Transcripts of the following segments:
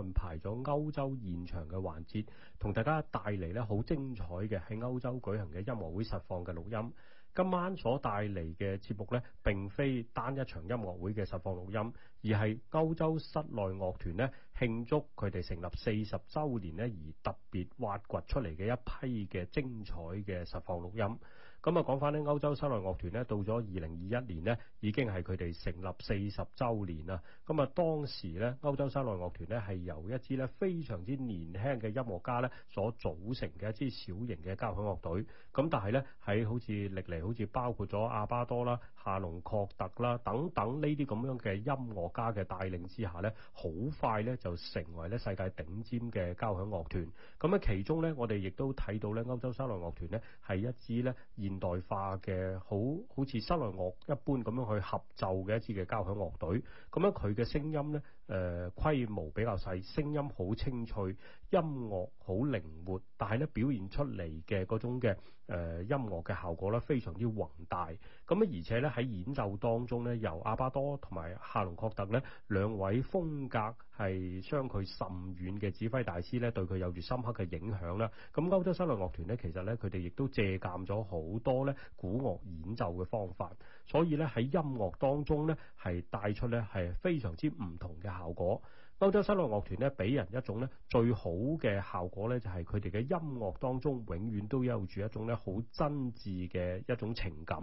安排咗歐洲現場嘅環節，同大家帶嚟咧好精彩嘅喺歐洲舉行嘅音樂會實況嘅錄音。今晚所帶嚟嘅節目咧，並非單一場音樂會嘅實況錄音，而係歐洲室內樂團咧慶祝佢哋成立四十周年咧，而特別挖掘出嚟嘅一批嘅精彩嘅實況錄音。咁啊，講翻咧歐洲室內樂團咧，到咗二零二一年咧，已經係佢哋成立四十周年啦。咁啊，當時咧歐洲室內樂團咧係由一支咧非常之年輕嘅音樂家咧所組成嘅一支小型嘅交響樂隊。咁但係咧喺好似歷嚟好似包括咗阿巴多啦。夏隆、霍特啦等等呢啲咁樣嘅音樂家嘅帶領之下咧，好快咧就成為咧世界頂尖嘅交響樂團。咁樣其中咧，我哋亦都睇到咧，歐洲室內樂團咧係一支咧現代化嘅好好似室內樂一般咁樣去合奏嘅一支嘅交響樂隊。咁樣佢嘅聲音咧。誒、呃、規模比較細，聲音好清脆，音樂好靈活，但係咧表現出嚟嘅嗰種嘅誒、呃、音樂嘅效果咧，非常之宏大。咁而且咧喺演奏當中咧，由阿巴多同埋夏隆確特咧兩位風格係相距甚遠嘅指揮大師咧，對佢有住深刻嘅影響啦。咁歐洲森林樂團咧，其實咧佢哋亦都借鑒咗好多咧古樂演奏嘅方法。所以咧喺音樂當中咧，係帶出咧係非常之唔同嘅效果。歐洲新樂樂團咧，俾人一種咧最好嘅效果咧，就係佢哋嘅音樂當中永遠都有住一種咧好真摯嘅一種情感。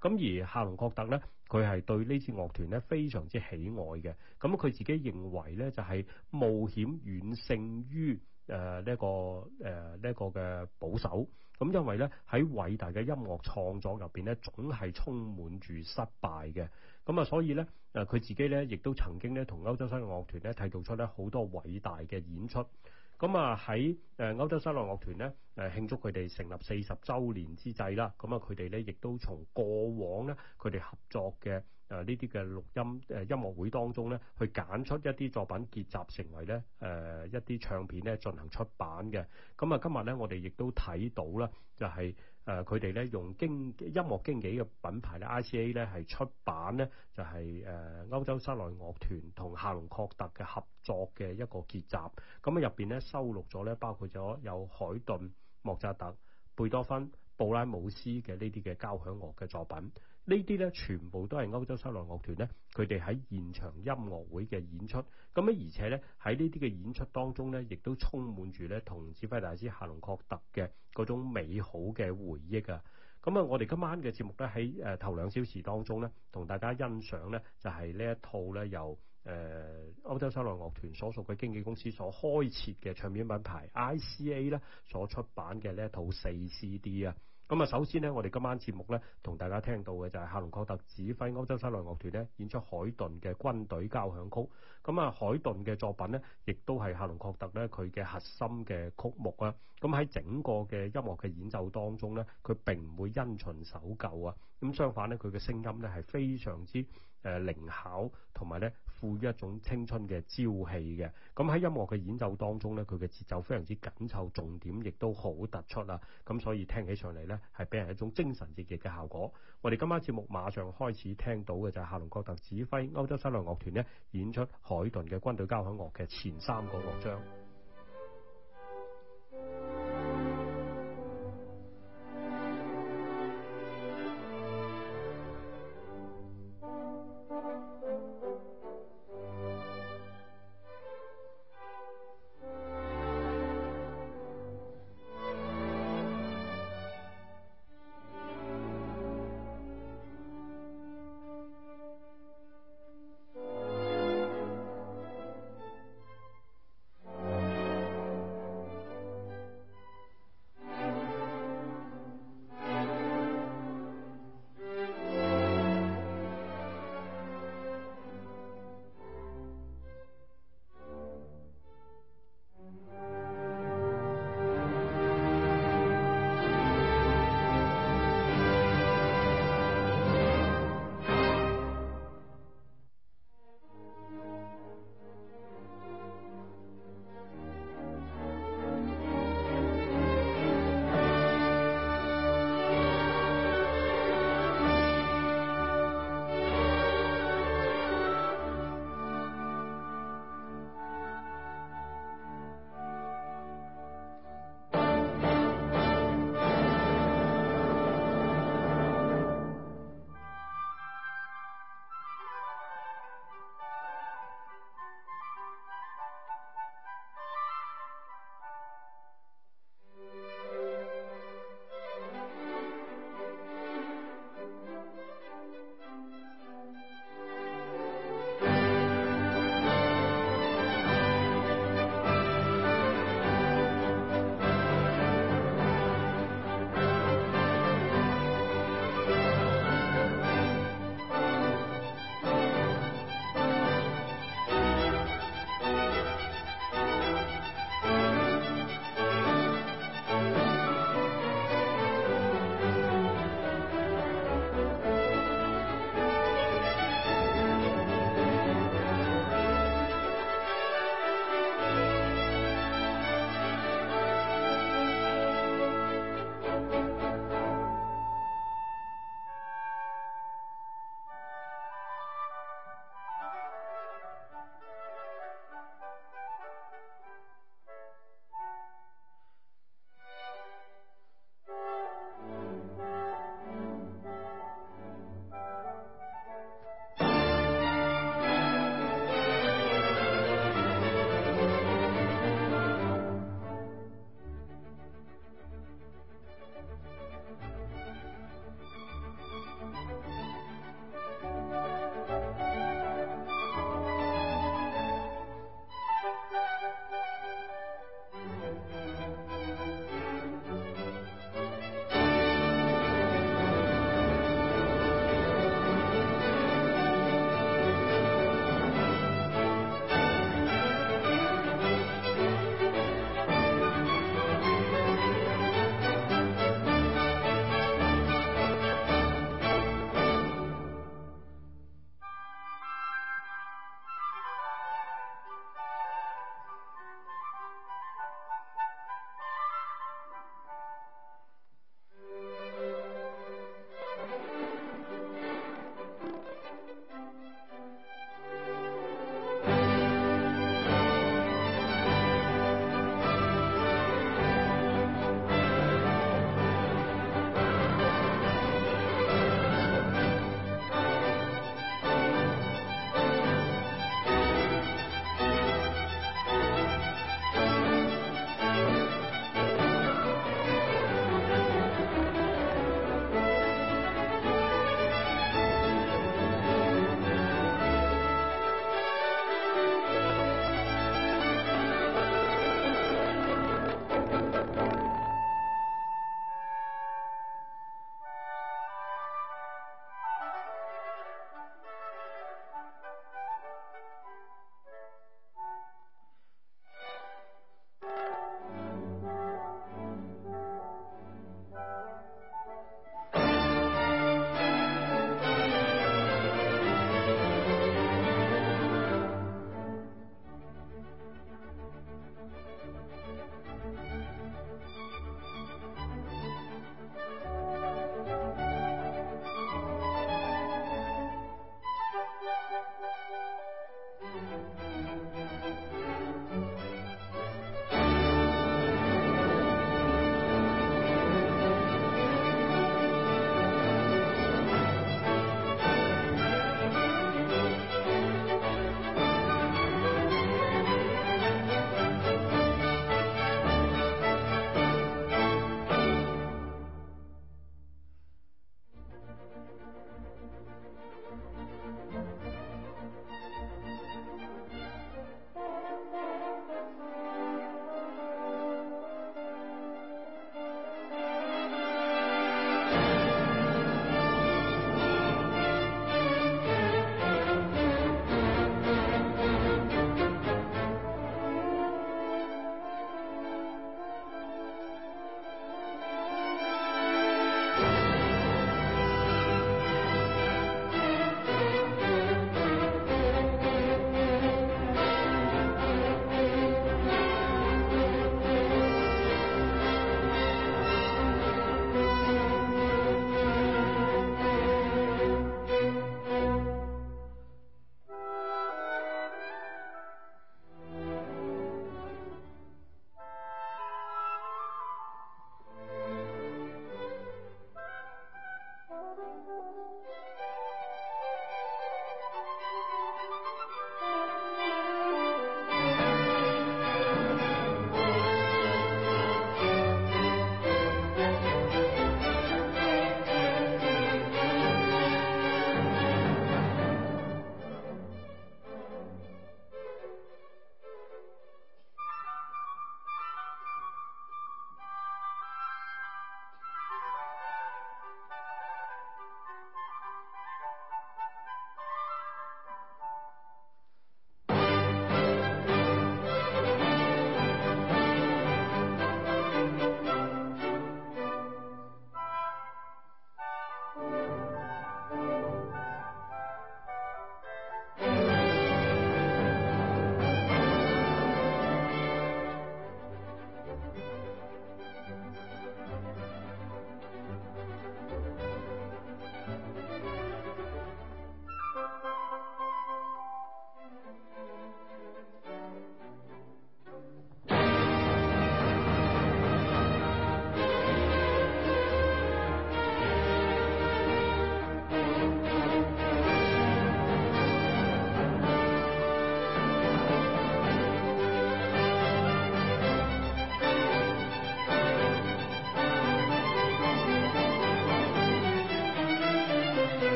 咁而夏隆國德咧，佢係對呢支樂團咧非常之喜愛嘅。咁佢自己認為咧，就係冒險遠勝於誒呢個誒呢一個嘅保守。咁因為咧喺偉大嘅音樂創作入邊咧，總係充滿住失敗嘅，咁啊所以咧，誒佢自己咧亦都曾經咧同歐洲新樂樂團咧，睇到出咧好多偉大嘅演出。咁啊喺誒歐洲新樂樂團咧誒慶祝佢哋成立四十週年之際啦，咁啊佢哋咧亦都從過往咧佢哋合作嘅。誒呢啲嘅錄音誒、呃、音樂會當中咧，去揀出一啲作品結集成為咧誒、呃、一啲唱片咧進行出版嘅。咁啊，今日咧我哋亦都睇到啦，就係誒佢哋咧用經音樂經紀嘅品牌咧 ICA 咧係出版呢，就係、是、誒、呃、歐洲室內樂團同夏隆確特嘅合作嘅一個結集。咁啊入面咧收錄咗咧包括咗有海頓、莫扎特、貝多芬、布拉姆斯嘅呢啲嘅交響樂嘅作品。呢啲咧全部都係歐洲修樂樂團咧，佢哋喺現場音樂會嘅演出，咁咧而且咧喺呢啲嘅演出當中咧，亦都充滿住咧同指揮大師夏隆確特嘅嗰種美好嘅回憶啊！咁啊，我哋今晚嘅節目咧喺誒頭兩小時當中咧，同大家欣賞咧就係呢一套咧由誒歐洲修樂樂團所屬嘅經紀公司所開設嘅唱片品牌 ICA 咧所出版嘅呢一套四 CD 啊！咁啊，首先呢，我哋今晚節目呢，同大家聽到嘅就係克隆確特指揮歐洲室內樂團呢，演出海頓嘅軍隊交響曲。咁啊，海頓嘅作品呢，亦都係克隆確特呢，佢嘅核心嘅曲目啊。咁喺整個嘅音樂嘅演奏當中呢，佢並唔會因循守舊啊。咁相反呢，佢嘅聲音呢，係非常之，誒、呃、靈巧同埋咧富於一種青春嘅朝氣嘅。咁喺音樂嘅演奏當中咧，佢嘅節奏非常之緊湊，重點亦都好突出啦。咁所以聽起上嚟咧，係俾人一種精神奕奕嘅效果。我哋今晚節目馬上開始聽到嘅就係夏隆葛特指揮歐洲室內樂團咧演出海頓嘅軍隊交響樂嘅前三個樂章。